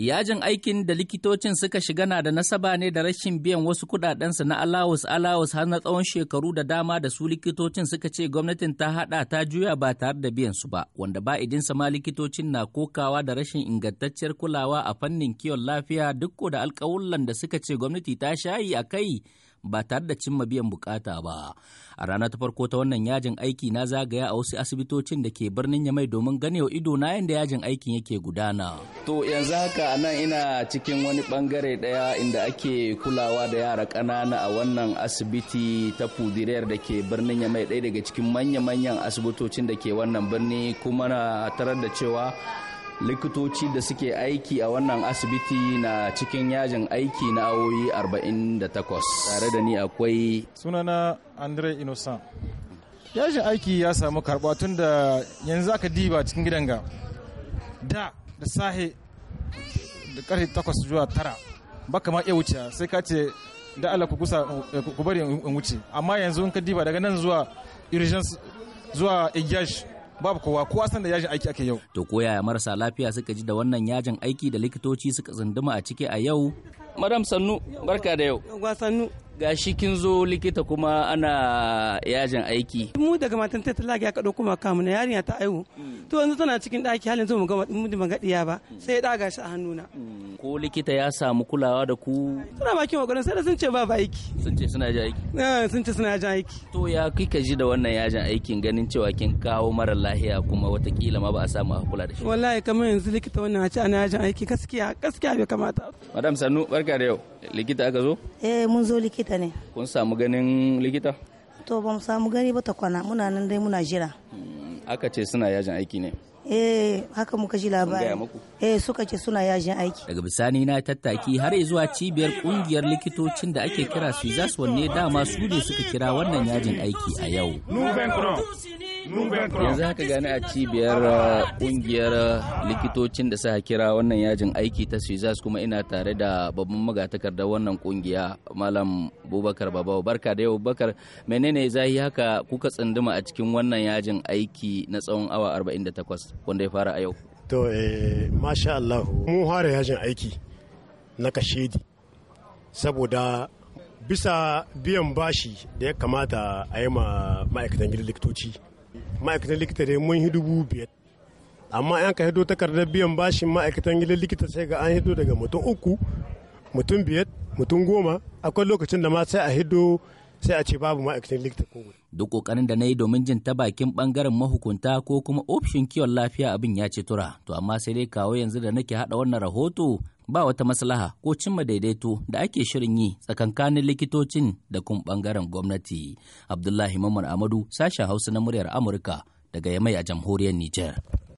Yajin aikin da likitocin suka shiga na da nasaba ne da rashin biyan wasu kudadensu na alawus alawus har na tsawon shekaru da dama da su likitocin suka ce gwamnatin ta hada ta juya ba tare da biyan su ba, wanda ba idin sama likitocin na kokawa da rashin ingantacciyar kulawa a fannin kiwon lafiya duk da alkawullan da suka ce gwamnati ta shayi a kai ba tare da cimma biyan bukata ba a rana ta farko ta wannan yajin aiki na zagaya a wasu asibitocin da ke birnin yamai domin ganewa ido na yadda yajin aikin yake gudana to yanzu haka nan ina cikin wani bangare daya inda ake kulawa da yara ƙanana a wannan asibiti ta fudirayar da ke birnin yamai ɗaya daga cikin manya-manyan asibitocin da ke wannan birni kuma na tarar da cewa likitoci da suke aiki a wannan asibiti na cikin yajin aiki na awoyi 48 tare da ni akwai sunana andre innocent yajin aiki ya samu karɓa tun da yanzu aka diba cikin gidan ga da da sahe da karfe takwas zuwa tara baka ma iya wuce sai ka ce da Allah ku kusa ku bari in wuce amma yanzu in ka diba daga nan zuwa irijans zuwa igyash babu kowa kowa san da yajin aiki ake yau to ko yaya marasa lafiya suka ji da wannan yajin aiki da likitoci suka tsunduma a ciki a yau madam sannu barka da yau gashi kin zo likita kuma ana yajin aiki mu daga matan ta talaka ya kado kuma kamun yarinya ta aihu mm. to yanzu tana cikin daki halin zo mu ga mu da magadiya ba mm. sai ya daga shi a hannuna mm. ko likita ya samu kulawa da ku suna bakin kokarin sai da sun ce ba ba aiki sun ce suna yajin aiki eh sun ce suna yajin aiki to ya kika ji da wannan yajin aikin ganin cewa kin kawo mara lahiya kuma watakila ma ba a samu a kula da shi wallahi kamar yanzu likita wannan a ce ana yajin aiki gaskiya gaskiya bai kamata madam sannu barka da yau likita aka zo eh mun zo likita likita ne kun samu ganin likita to ba mu samu gani ba ta kwana muna nan dai muna jira hmm, aka ce suna yajin aiki ne eh haka muka ji labarin eh suka ce suna yajin aiki daga bisani na tattaki har zuwa cibiyar kungiyar likitocin da ake kira su wanne dama su ne suka kira wannan yajin aiki a yau yanzu haka gani a cibiyar uh, kungiyar uh, likitocin da suka kira wannan yajin aiki ta suizas kuma ina tare da babban magatakardar wannan kungiya malam bubakar babawa barka da yau bakar menene zahi haka kuka tsunduma a cikin wannan yajin aiki na tsawon awa 48 wanda ya fara a yau to eh masha Allah mun fara yajin aiki na kashedi saboda bisa biyan bashi da ya kamata a yi ma ma'aikatan gidan likitoci ma'aikatan likita dai mun yi dubu biyar amma an ka hido takardar biyan bashin ma'aikatan gidan likita sai ga an hido daga mutum uku mutum biyar mutum goma akwai lokacin da ma sai a hido sai a ce babu ma'aikatan likita ko duk kokarin da na yi domin jin ta bakin bangaren mahukunta ko kuma ofishin kiwon lafiya abin ya ce tura to amma sai dai kawo yanzu da nake hada wannan rahoto ba wata maslaha ko cimma daidaito da ake shirin yi tsakankanin likitocin da kuma bangaren gwamnati. Abdullahi Mamman Amadu sashen Hausa na muryar Amurka daga Yamai a jamhuriyar Nijar.